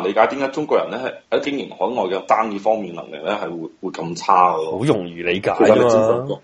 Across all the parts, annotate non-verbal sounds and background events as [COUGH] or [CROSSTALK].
理解點解中國人咧喺經營海外嘅生意方面能力咧係會會咁差，好容易理解。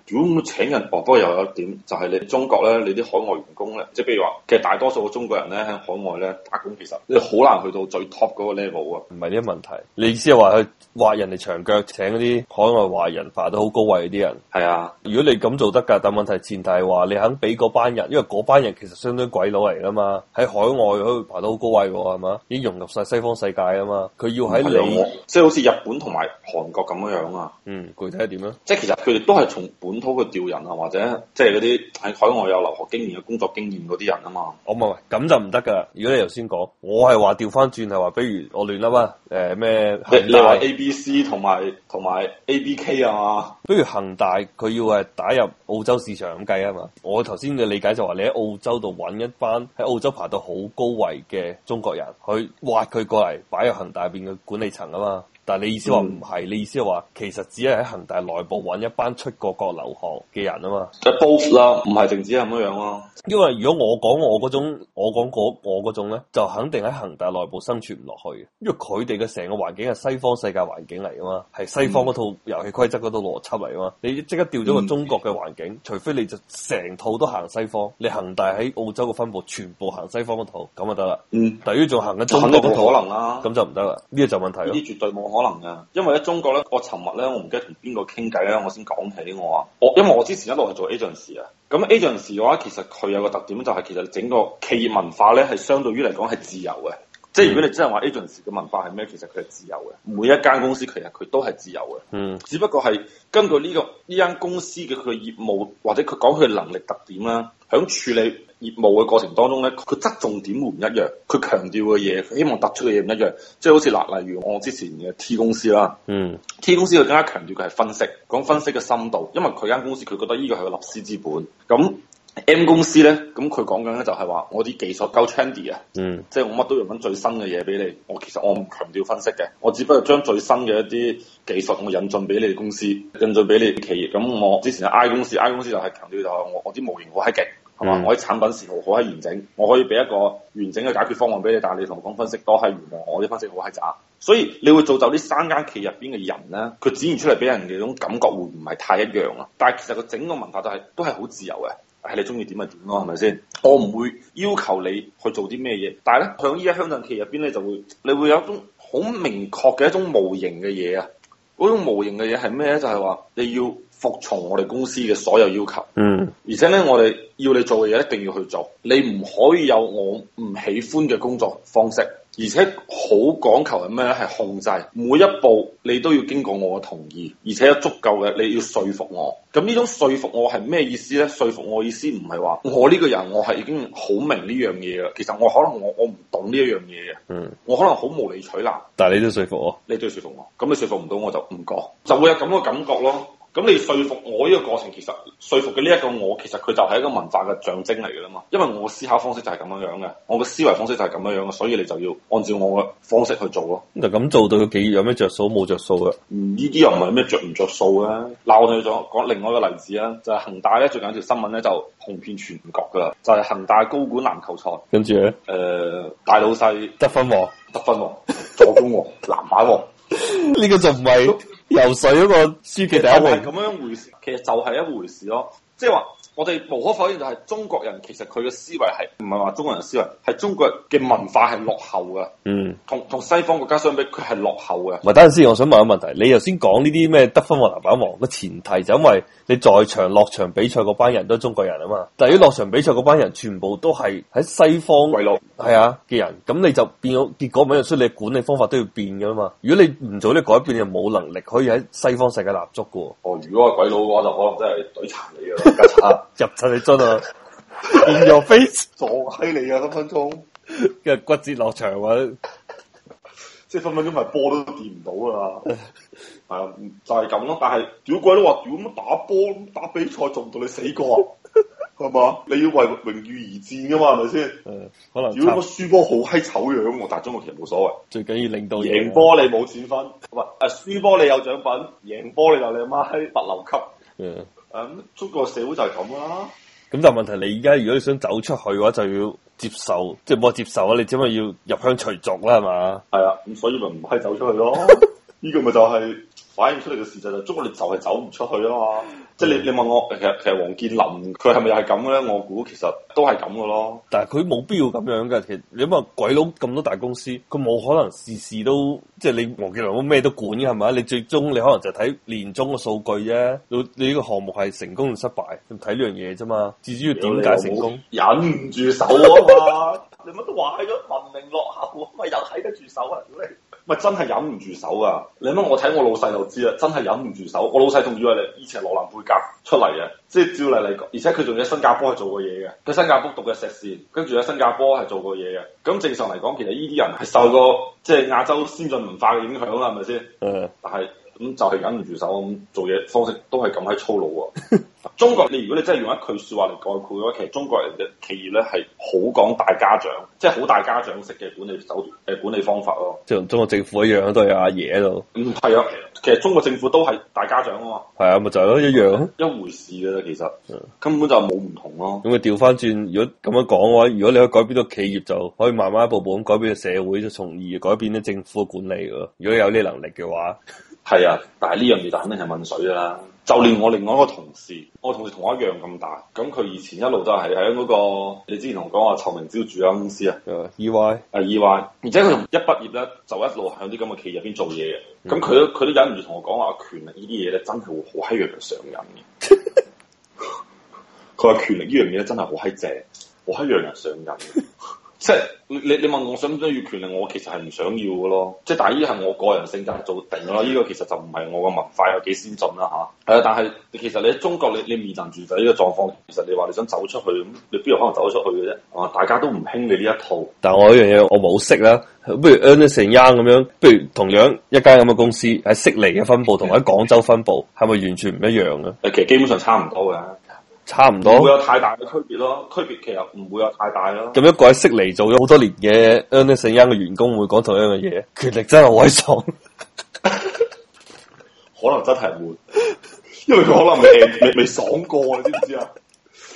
如果請人博，不多又有一點就係、是、你中國咧，你啲海外員工咧，即係譬如話，其實大多數嘅中國人咧喺海外咧打工，其實你好難去到最 top 嗰個 level 啊！唔係呢個問題，你意思係話佢挖人哋牆腳，請嗰啲海外華人爬得好高位啲人？係啊，如果你咁做得㗎，但問題前提係話你肯俾嗰班人，因為嗰班人其實相當於鬼佬嚟㗎嘛，喺海外可以爬得好高位嘅喎，係嘛？已經融入晒西方。世界啊嘛，佢要喺你，啊、即係好似日本同埋韓國咁樣樣啊。嗯，具體係點樣？即係其實佢哋都係從本土嘅調人啊，或者即係嗰啲喺海外有留學經驗嘅工作經驗嗰啲人啊嘛。哦，唔係，咁就唔得噶。如果你頭先講，我係話調翻轉係話，比如我亂啦嘛，誒、呃、咩恒大 A B C 同埋同埋 A B K 啊嘛。比如恒大佢要係打入澳洲市場咁計啊嘛。我頭先嘅理解就話你喺澳洲度揾一班喺澳洲爬到好高位嘅中國人，佢挖佢過嚟。擺入恒大邊嘅管理層啊嘛！但係你意思話唔係，嗯、你意思係話其實只係喺恒大內部揾一班出過國留學嘅人啊嘛？Both 啦，唔係淨止咁樣樣咯。因為如果我講我嗰種，我講我嗰種咧，就肯定喺恒大內部生存唔落去。因為佢哋嘅成個環境係西方世界環境嚟啊嘛，係西方嗰套遊戲規則嗰套邏輯嚟啊嘛。你即刻掉咗個中國嘅環境，嗯、除非你就成套都行西方。你恒大喺澳洲嘅分部全部行西方嗰套，咁就得啦。嗯，但係仲行緊中國嘅可能啦、啊，咁就唔得啦。呢個就問題咯。呢啲絕對冇。可能啊，因為咧，中國咧，我尋日咧，我唔記得同邊個傾偈咧，我先講起我啊，我因為我之前一路係做 agency 啊，咁 agency 嘅話，其實佢有個特點就係、是、其實整個企業文化咧，係相對於嚟講係自由嘅。嗯、即係如果你真係話 agency 嘅文化係咩？其實佢係自由嘅。每一間公司其實佢都係自由嘅。嗯，只不過係根據呢、這個呢間公司嘅佢嘅業務或者佢講佢嘅能力特點啦，響處理業務嘅過程當中咧，佢側重點會唔一樣，佢強調嘅嘢，希望突出嘅嘢唔一樣。即係好似例例如我之前嘅 T 公司啦，嗯，T 公司佢更加強調佢係分析，講分析嘅深度，因為佢間公司佢覺得呢個係佢立司之本。咁 M, 那麼 M、嗯、公司咧，咁佢講緊咧就係話，我啲技術夠 trendy 啊，即係我乜都用緊最新嘅嘢俾你。我其實我唔強調分析嘅，我只不過將最新嘅一啲技術我引進俾你哋公司，引進俾你哋企業。咁我之前係 I 公司，I 公司就係強調就係我我啲模型我閪勁。係嘛？嗯、我啲產品好是好，我係完整，我可以俾一個完整嘅解決方案俾你。但係你同我講分析多係原來，我啲分析好係渣。所以你會做就呢三間企業入邊嘅人咧，佢展現出嚟俾人嘅種感覺會唔係太一樣咯。但係其實個整個文化就係都係好自由嘅，係、哎、你中意點咪點咯，係咪先？我唔會要求你去做啲咩嘢。但係咧，響依家鄉鎮企業入邊咧，就會你會有一種好明確嘅一種模型嘅嘢啊！嗰種模型嘅嘢係咩咧？就係、是、話你要服從我哋公司嘅所有要求，嗯，而且咧，我哋要你做嘅嘢一定要去做，你唔可以有我唔喜歡嘅工作方式，而且好講求係咩咧？係控制每一步，你都要經過我嘅同意，而且足夠嘅，你要說服我。咁呢種說服我係咩意思咧？說服我意思唔係話我呢個人我係已經好明呢樣嘢啦，其實我可能我我唔懂呢一樣嘢嘅，嗯，我可能好無理取鬧，但係你都要說服我，你都要說服我，咁你說服唔到我就唔講，就會有咁嘅感覺咯。咁你說服我呢個過程，其實說服嘅呢一個我，其實佢就係一個文化嘅象徵嚟噶啦嘛。因為我思考方式就係咁樣樣嘅，我嘅思維方式就係咁樣樣嘅，所以你就要按照我嘅方式去做咯。就咁做到企業有咩着數冇着數嘅？呢啲又唔係咩着唔着數咧。嗱、嗯，著著我哋再講另外一個例子啦，就係、是、恒大咧最近一條新聞咧就紅遍全國噶啦，就係、是、恒大高管籃球賽，跟住咧，誒、呃，大老細得分王、得分王、助攻王、籃板 [LAUGHS] 王，呢 [LAUGHS] 個就唔係。游水嗰個書記第一位，係咁樣回事，其實就係一回事咯。即係話，我哋無可否認就係中國人其實佢嘅思維係唔係話中國人思維，係中國人嘅文化係落後噶。嗯同，同同西方國家相比，佢係落後嘅。唔係，等陣先，我想問一個問題。你頭先講呢啲咩得分王籃板王嘅前提，就因為你在場落場比賽嗰班人都係中國人啊嘛。但係啲落場比賽嗰班人全部都係喺西方鬼佬係啊嘅人，咁你就變咗結果，咪又出你管理方法都要變噶啦嘛。如果你唔早啲改變，就冇能力可以喺西方世界立足噶。哦，如果係鬼佬嘅話，就可能真係懟殘你噶。入晒你樽啊！變弱飛，撞閪你啊！分分鐘，跟住骨折落場，即係分分鐘係波都掂唔到啦。係啊，就係咁咯。但係屌鬼都話，屌乜打波打比賽仲唔到你死過，係嘛？你要為榮譽而戰噶嘛？係咪先？可能。如果個輸波好閪醜樣，我但係中國其實冇所謂。最緊要令到贏波你冇錢分，唔係啊？輸波你有獎品，贏波你就你阿媽喺物流級。嗯。咁、嗯、中國社會就係咁啦，咁但係問題你而家如果你想走出去嘅話，就要接受，即係冇得接受啊！你只咪要入鄉隨俗啦，係嘛？係啊，咁所以咪唔可以走出去咯，呢 [LAUGHS] 個咪就係、是。反映出嚟嘅事實就，中國你就係走唔出去啊嘛！嗯、即係你你問我，其實其實王健林佢係咪又係咁嘅咧？我估其實都係咁嘅咯。但係佢冇必要咁樣嘅，其實你諗下鬼佬咁多大公司，佢冇可能事事都即係你王健林咩都，都管嘅係咪？你最終你可能就睇年終嘅數據啫。你你呢個項目係成功同失敗，你睇呢樣嘢啫嘛。至主要點解成功？忍唔住手啊嘛！ [LAUGHS] 你乜都話係咗，文明落後、啊，咪又睇得住手啊？你？咪真係忍唔住手噶，你諗我睇我老細就知啦，真係忍唔住手。我老細仲以為你以前係羅蘭貝格出嚟嘅，即係照例嚟講，而且佢仲喺新加坡係做過嘢嘅，佢新加坡讀嘅碩士，跟住喺新加坡係做過嘢嘅。咁正常嚟講，其實呢啲人係受過即係亞洲先進文化嘅影響啦，係咪先？嗯的，但係。咁就係忍唔住手，咁做嘢方式都係咁，喺粗魯啊！中國，你如果你真係用一句說話嚟概括嘅話，其實中國人嘅企業咧係好講大家長，即係好大家長式嘅管理手嘅管理方法咯。即係同中國政府一樣，都係阿爺度。嗯，係啊，其實中國政府都係大家長啊嘛。係啊，咪就係咯，一樣一回事嘅啫。其實根本就冇唔同咯，啊。咁，嗯、你調翻轉，如果咁樣講嘅話，如果你可以改變到企業，就可以慢慢一步步咁改變到社會，就從而改變啲政府嘅管理嘅。如果有呢能力嘅話。係啊，但係呢樣嘢就肯定係問水噶啦。就連我另外一個同事，我同事同我一樣咁大，咁佢以前一路都係喺嗰個，你之前同我講話臭名昭著間公司啊、yeah，E Y 啊、uh, E Y，而且佢從一畢業咧就一路喺啲咁嘅企業入邊做嘢嘅，咁佢都佢都忍唔住同我講話，權力呢啲嘢咧，真係會好閪讓人上癮嘅。佢話，權力呢樣嘢咧，真係好閪正，好閪讓人上癮。即係你你問我想唔想要權力，我其實係唔想要嘅咯。即係，但依係我個人性格做定咯。呢、這個其實就唔係我嘅文化有幾先進啦、啊、吓。誒、啊，但係其實你喺中國，你你面南住面臨住就呢個狀況。其實你話你想走出去，咁你邊度可能走得出去嘅啫？啊，大家都唔興你呢一套。但係我有一樣嘢我冇識啦。不如 Amazon 咁樣，不如同樣一間咁嘅公司喺悉尼嘅分部同喺廣州分部係咪完全唔一樣嘅？其實基本上差唔多噶、啊。差唔多，唔會有太大嘅區別咯。區別其實唔會有太大咯。咁一個喺悉尼做咗好多年嘅 Ernst & Young 嘅員工，會講同樣嘅嘢，權力真係好爽， [LAUGHS] [LAUGHS] 可能真係會， [LAUGHS] [LAUGHS] 因為佢可能未未 [LAUGHS] 爽過，你知唔知啊？ [LAUGHS]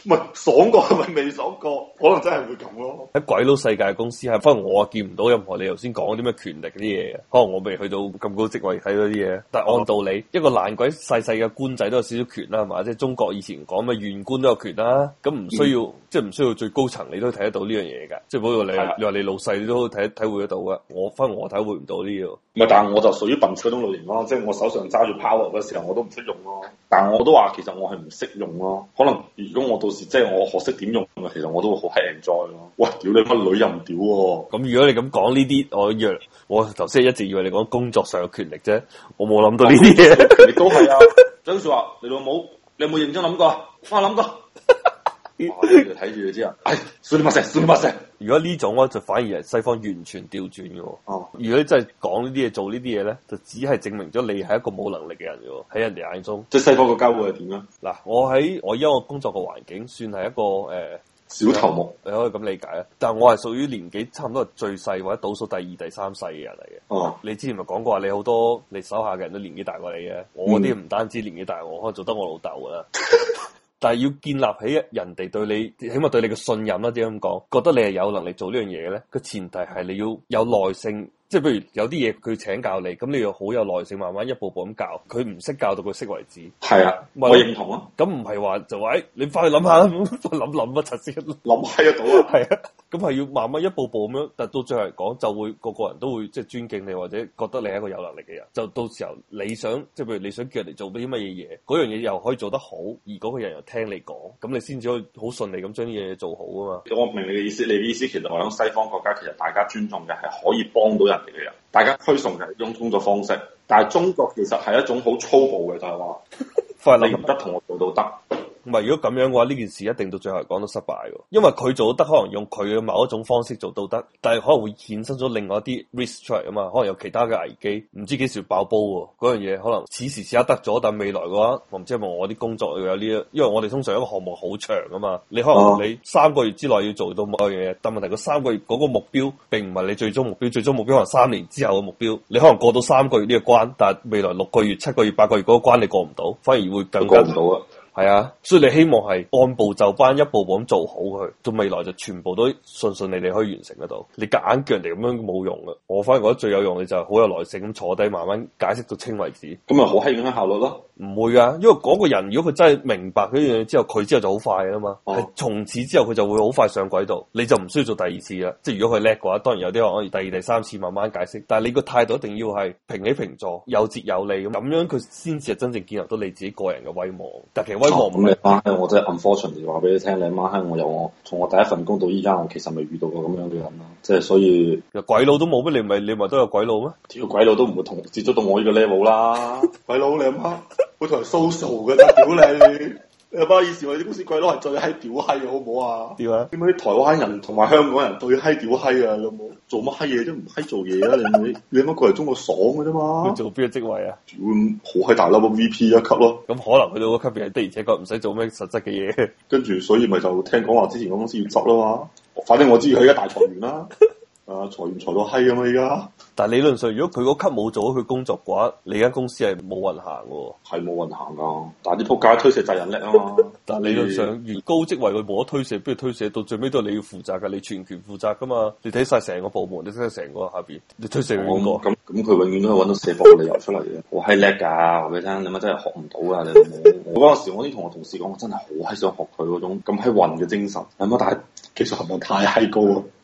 唔係爽過係咪未爽過？可能真係會咁咯。喺鬼佬世界公司係，反正我見唔到任何你頭先講啲咩權力啲嘢嘅。可能我未去到咁高職位睇到啲嘢。但係按道理，啊、一個爛鬼細細嘅官仔都有少少權啦，係嘛？即、就、係、是、中國以前講嘅「縣官」都有權啦。咁唔需要，嗯、即係唔需要最高層你都睇得到呢樣嘢㗎。即係比如你，的你話你老細你都體體會得到嘅。我，反正我體會唔到呢啲。唔係，但係我就屬於笨拙嗰種類型咯。即、就、係、是、我手上揸住 power 嗰時候，我都唔識用咯、啊。但我都話，其實我係唔識用咯、啊。可能如果我到時，即係我學識點用啊，其實我都會好 enjoy 咯。哇，屌你乜女又唔屌喎、啊！咁如果你咁講呢啲，我約我頭先一直以為你講工作上嘅權力啫，我冇諗到呢啲嘢。你都係啊，張叔話你老母，你有冇認真諗過？我諗過。睇住佢知啊！唉， [LAUGHS] 算你冇食，算你冇食。 [LAUGHS] 如果呢種咧，就反而係西方完全調轉嘅。哦，如果你真係講呢啲嘢，做呢啲嘢咧，就只係證明咗你係一個冇能力嘅人嘅喎。喺人哋眼中，即係西方個交互係點啊？嗱，我喺我依家個工作嘅環境，算係一個誒、呃、小頭目，你可以咁理解啊。但係我係屬於年紀差唔多係最細或者倒數第二、第三世嘅人嚟嘅。哦，你之前咪講過話，你好多你手下嘅人都年紀大過你嘅，我啲唔單止年紀大，我可能做得我老豆噶啦。 [LAUGHS] 但係要建立起人哋對你，起碼對你嘅信任啦，點樣講覺得你係有能力做呢樣嘢嘅咧，個前提係你要有耐性。即係譬如有啲嘢佢請教你，咁你要好有耐性，慢慢一步步咁教佢，唔識教到佢識為止。係啊，便我認同啊。咁唔係話就話誒、哎，你翻去諗下啦，咁諗諗一陣先想一想，諗下得到啊？係啊，咁係要慢慢一步步咁樣，但到最後嚟講就會個個人都會即係尊敬你，或者覺得你係一個有能力嘅人。就到時候你想即係譬如你想叫人哋做啲乜嘢嘢，嗰樣嘢又可以做得好，而嗰個人又聽你講，咁你先至可以好順利咁將啲嘢做好啊嘛。咁我明你嘅意思，你嘅意思其實我諗西方國家其實大家尊重嘅係可以幫到人， [MUSIC] [MUSIC] 大家推崇嘅一種工作方式，但係中國其實係一種好粗暴嘅，就係話。 [LAUGHS] 話你唔得同我做到得。唔係，如果咁樣嘅話，呢件事一定到最後嚟講，都失敗。因為佢做得可能用佢嘅某一種方式做到得，但係可能會衍生咗另外一啲 risk 出嚟啊嘛，可能有其他嘅危機，唔知幾時爆煲。嗰樣嘢可能此時此刻得咗，但未來嘅話，我唔知，係咪我啲工作要有呢，因為我哋通常一個項目好長啊嘛，你可能你三個月之內要做到某樣嘢，但係問題佢三個月嗰個目標，並唔係你最終目標，最終目標可能三年之後嘅目標。你可能過到三個月呢個關，但係未來六個月、七個月、八個月嗰個關你過唔到，反而會更加唔到啊。係啊，所以你希望係按部就班，一步步咁做好佢，到未來就全部都順順利利可以完成得到。你夾硬叫人哋咁樣冇用噶我反而覺得最有用嘅就係好有耐性咁坐低慢慢解釋到清為止。咁咪好閪影響效率咯？唔會啊，因為嗰個人如果佢真係明白嗰樣嘢之後，佢之後就好快啊嘛。係從、啊、此之後佢就會好快上軌道，你就唔需要做第二次啦。即係如果佢叻嘅話，當然有啲可以第二、第三次慢慢解釋。但係你個態度一定要係平起平坐，有節有利，咁樣佢先至係真正建立到你自己個人嘅威望。咁你媽閪，我真係 unfortunately 話俾你聽，你阿媽閪，我由我從我第一份工到依家，我其實未遇到過咁樣嘅人啦。即係所以，有鬼佬都冇咩？你咪你咪都有鬼佬咩？屌鬼佬都唔會同接觸到我呢個 level 啦。 [LAUGHS] 鬼佬你阿媽，會同人 social 嘅啫，屌 [LAUGHS] 你！誒不好意思，我哋公司鬼佬係最閪屌閪嘅。好唔好啊？屌啊！點解啲台灣人同埋香港人最閪屌閪啊？老母做乜閪嘢都唔閪做嘢啊？你有有你乜過嚟中國爽嘅啫嘛？你 [LAUGHS] 做邊個職位啊？嗯，好閪大粒個 V P 一級咯。咁 [LAUGHS] 可能佢哋嗰級別係的，確的，而且確唔使做咩實質嘅嘢。跟住所以咪就聽講話之前嗰公司要執咯嘛。反正我知佢而家大裁員啦。 [LAUGHS] 啊！裁員裁到閪咁啊！而家，但係理論上，如果佢嗰級冇做好佢工作嘅話，你間公司係冇運行嘅，係冇運行噶但係啲仆街推卸責任力叻嘛？但係理論上，越、嗯、高職位佢冇得推卸，不如推卸到最尾都係你要負責噶你全權負責噶嘛你睇晒成個部門，你睇晒成個下邊，你推卸唔過。咁咁、嗯，佢、嗯、永遠都係搵到社保嘅理由出嚟嘅。我閪叻噶我俾你聽，你咪真係學唔到啊！你 [LAUGHS] 我嗰陣時，我啲同學同事講，我真係好閪想學佢嗰種咁閪混嘅精神。係咪？但係技術含量太閪高啊！ [LAUGHS]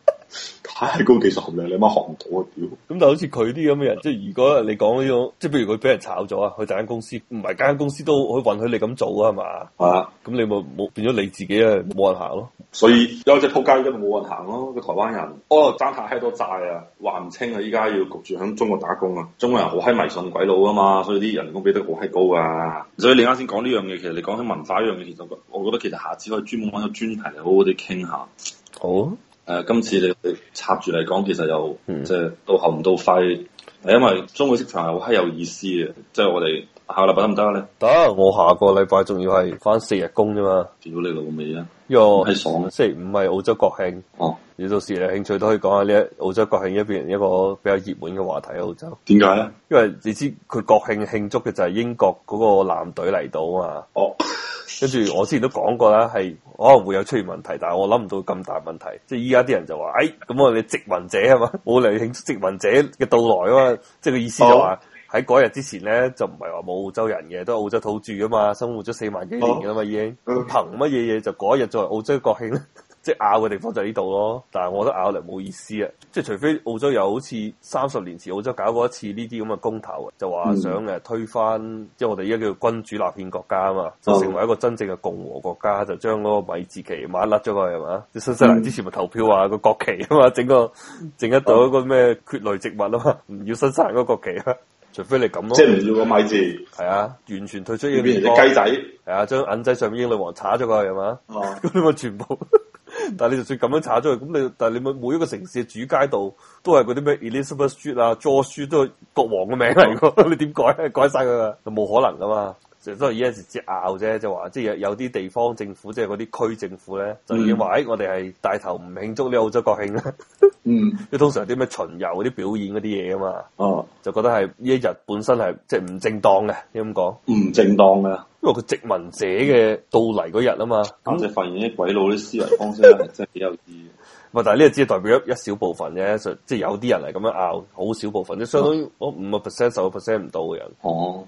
太高技術含量，你媽學唔到啊屌！咁就好似佢啲咁嘅人，即係如果你講呢個，即係譬如佢俾人炒咗啊，佢第間公司唔係間間公司都可以允許你咁做啊，係嘛？啊，咁你咪冇變咗你自己啊冇運行咯，所以有隻扑街都冇運行咯。個台灣人，哦爭太嗨多債啊，還唔清啊！依家要焗住響中國打工啊！中國人好嗨迷信鬼佬啊嘛，所以啲人工俾得好閪高啊！所以你啱先講呢樣嘢，其實你講起文化一樣嘢，其實我我覺得其實下次可以專門揾個專題嚟好好哋傾下。好。Oh. 誒、啊，今次你插住嚟講，其實又即係到喉唔到肺。係因為中國市場係好閪有意思嘅，即係我哋。下禮拜得唔得咧？得，我下個禮拜仲要係翻四日工啫嘛。見到你老味啊！喲，係爽啊！星期五係澳洲國慶哦。到時有興趣都可以講下呢？澳洲國慶一邊一個比較熱門嘅話題。澳洲點解咧？為，呢因為你知佢國慶慶祝嘅就係英國嗰個艦隊嚟到啊嘛。哦。跟住我之前都講過啦，係可能會有出現問題，但係我諗唔到咁大問題。即係依家啲人就話：，哎，咁我哋殖民者係嘛，冇嚟慶祝殖民者嘅到來啊嘛。即係個意思就話，哦。喺嗰日之前咧，就唔係話冇澳洲人嘅，都係澳洲土著啊嘛，生活咗四萬幾年嘅啦嘛，已經憑乜嘢嘢，就嗰一日作為澳洲國慶咧？即係拗嘅地方就喺呢度咯。但係我覺得拗嚟冇意思啊！即係除非澳洲又好似三十年前澳洲搞過一次呢啲咁嘅公投，就話想誒推翻，嗯、即係我哋依家叫做君主立憲國家啊嘛，就成為一個真正嘅共和國家，就將嗰個米字旗抹甩咗佢係嘛？即新西蘭之前咪投票話個國旗啊嘛，整個整一朵一個咩蕨類植物啊嘛，唔要新西蘭嗰個國旗啦。除非你咁咯，即係唔要個米字，係啊，完全退出，變成隻雞仔，係啊，將銀仔上面英女王插咗佢，去係嘛？咁你咪全部。 [LAUGHS] 但係你就算咁樣插咗佢，咁你但係你咪每一個城市嘅主街道都係嗰啲咩 Elizabeth Street 啊、George Street 都係國王嘅名嚟噶、嗯，你點改改晒佢啊！就冇可能噶嘛。就都係依一時之拗啫，就話即係有有啲地方政府，即係嗰啲區政府咧，就已經話，誒、嗯，我哋係帶頭唔慶祝呢澳洲國慶啦。嗯， [LAUGHS] 因為通常啲咩巡遊嗰啲表演嗰啲嘢啊嘛，哦、嗯，就覺得係呢一日本身係即係唔正當嘅，你咁講唔正當嘅，因為佢殖民者嘅到嚟嗰日啊嘛。咁即係發現啲鬼佬啲思維方式真係幾有意思。唔、嗯、 [LAUGHS] 但係呢就只係代表一小部分啫，即係有啲人嚟咁樣拗，好少部分，即係相當於我五個 percent、十個 percent 唔到嘅人。哦、嗯。